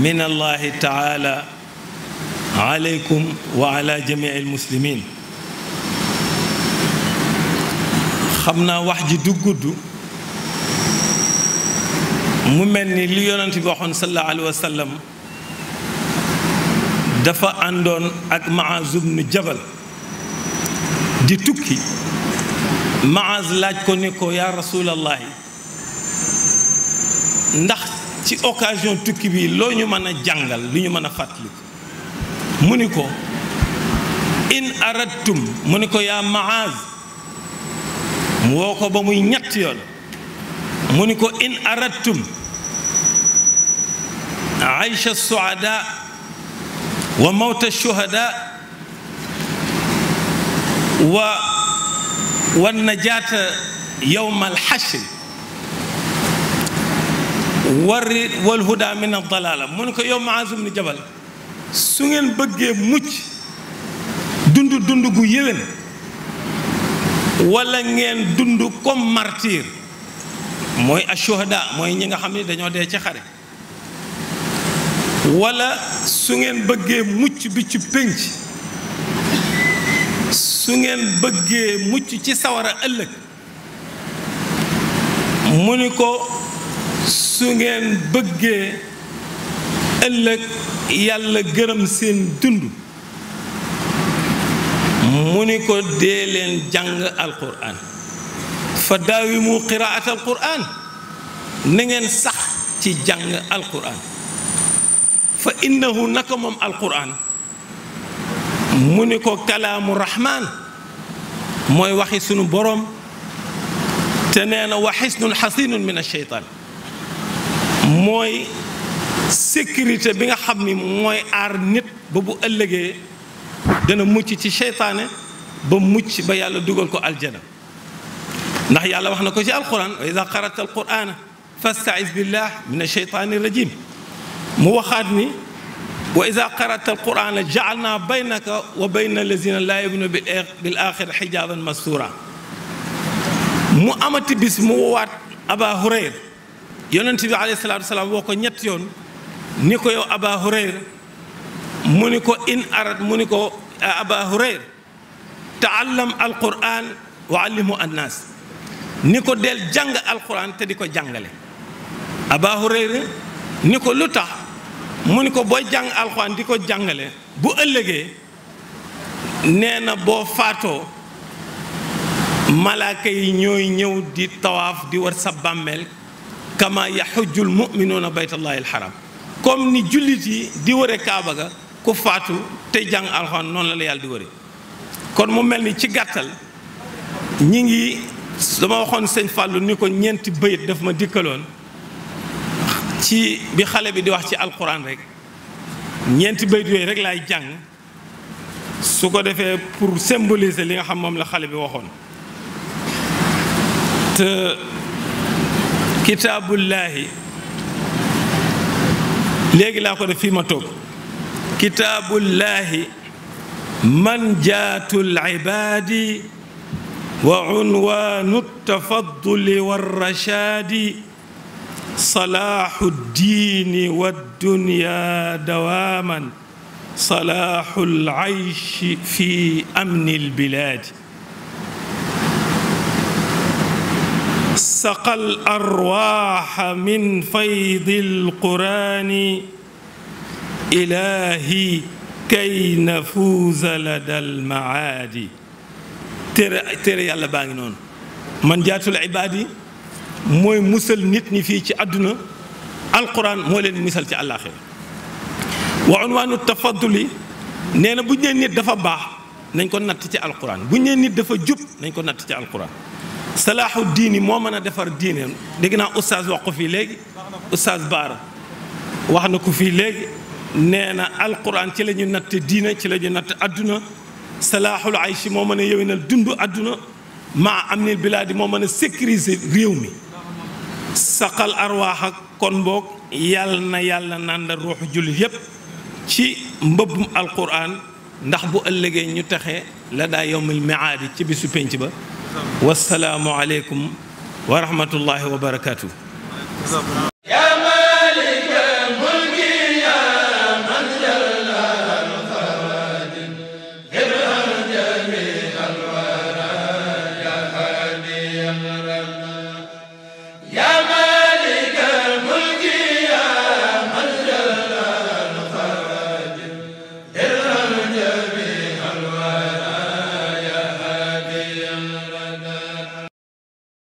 min allahi taala aleykum wa ala jamii almuslimin xam naa wax ji du gudd mu mel ni li yonent bi waxoon sallallahu alayhi wa sallam dafa àndoon ak Maaz ibnu Jabal di tukki Maaz laaj ko ni ko yaa rasulallahi ndax ci ocasion tukki bi loo ñu mën a jàngal lu ñu mën a fàttali mu ni ko in aradtum mu ni ko yaa maaz mu woo ko ba muy ñett yoon mu ni ko in aradtum aysha suada wa mawta shuhada wa wa najaata yowma alxashr warri wal huda min ad-dalala mu ne ko yow Muaaz ibn Jabal su ngeen bëggee mucc dund dund gu yéwén wala ngeen dund comme martyr mooy ashuhada mooy ñi nga xam ni dañoo dee ci xare wala su ngeen bëggee mucc bi ci pénc su ngeen bëggee mucc ci sawara ëllëg mu ni ko su ngeen bëggee ëllëg yàlla gërëm seen dund mu ni ko dee leen jàng alquran fa daawimu qiraat alquran na ngeen sax ci jàng alquran fa innahu naka moom alquran mu ni ko kalaamu rahmaan mooy waxi sunu boroom te nee na wa xisnun xasinun min alcheytaan mooy sécurité bi nga xam ni mooy aar nit ba bu ëllëgee dana mucc ci seytaane ba mucc ba yàlla dugal ko aljana ndax yàlla wax na ko ci alquran wa ida qarata alqurana fastaiz billah min alcheytaani rajim mu waxaat ni wa ida qarata alqurana jaalna baynaka wa bayna allazina laa yuminu bil axira xijaban mastura mu amati bis mu waat aba hurayra yonent bi alayhi salaatu salaam woo ko ñett yoon ni ko yow aba hurayra mu ni ko in arat mu ni ko aba hurayra taallam alquran wa allimu annaas ni ko del jàng alquran te di ko jàngale aba hurayra ni ko lu tax mu ni ko boo jàng alquran di ko jàngale bu ëllëgee nee na boo faatoo malaaka yi ñooy ñëw di tawaaf di war sa bàmmeel kama yaxujjul muminuuna baytallahi alxaram comme ni jullit yi di wëre kaaba ga ku faatu tey jàng alxuraan noonu la yàlla di wëre kon mu mel ni ci gàttal ñi ngi dama waxoon sëñ Fallou ni ko ñeenti bayit daf ma dikkaloon ci bi xale bi di wax ci alxuraan rek ñeenti bayit yooyu rek laay jàng su ko defee pour symboliser li nga xam moom la xale bi waxoon kitaabullaahi léegi laa ko def fii ma toog kitaabullaahi manjaatul ibaadi wa unwaanu tafadduli warrashaadi salaaxu diini wa dunya dawaaman salaaxul ayshi fi amni lbilaadi سقى الأرواح من فيض القرآن إلهي كي نفوز لدى المعادي téere téere yàlla baa ngi noonu man jaatul ibaad yi mooy musal nit ñi fii ci àdduna alquran moo leen di misal ci àllaaxira wa unwaanu tafaduli nee na bu ñu nee nit dafa baax nañ ko natt ci alquran bu ñu nee nit dafa jub nañ ko natt ci alquran salaaxu diini moo mën a defar diineem dégg naa oustaz wax ko fii léegi oustaz Baara wax na ko fii léegi nee na alquran ci lañu natt diine ci la ñu natt adduna salaaxul ay moo mën a yëwénal dund adduna maa am nil bilaadi moo mën a sécuriser réew mi saqal arwaax ak kon boog yàlla na yàlla nanda ruuxu jullit yépp ci mbëbbum alquran ndax bu ëllëgee ñu taxee la daa yowmul miaadi ci bisu pénc ba wasalaamu aleykum wa rahmatullahi wa barakaatu.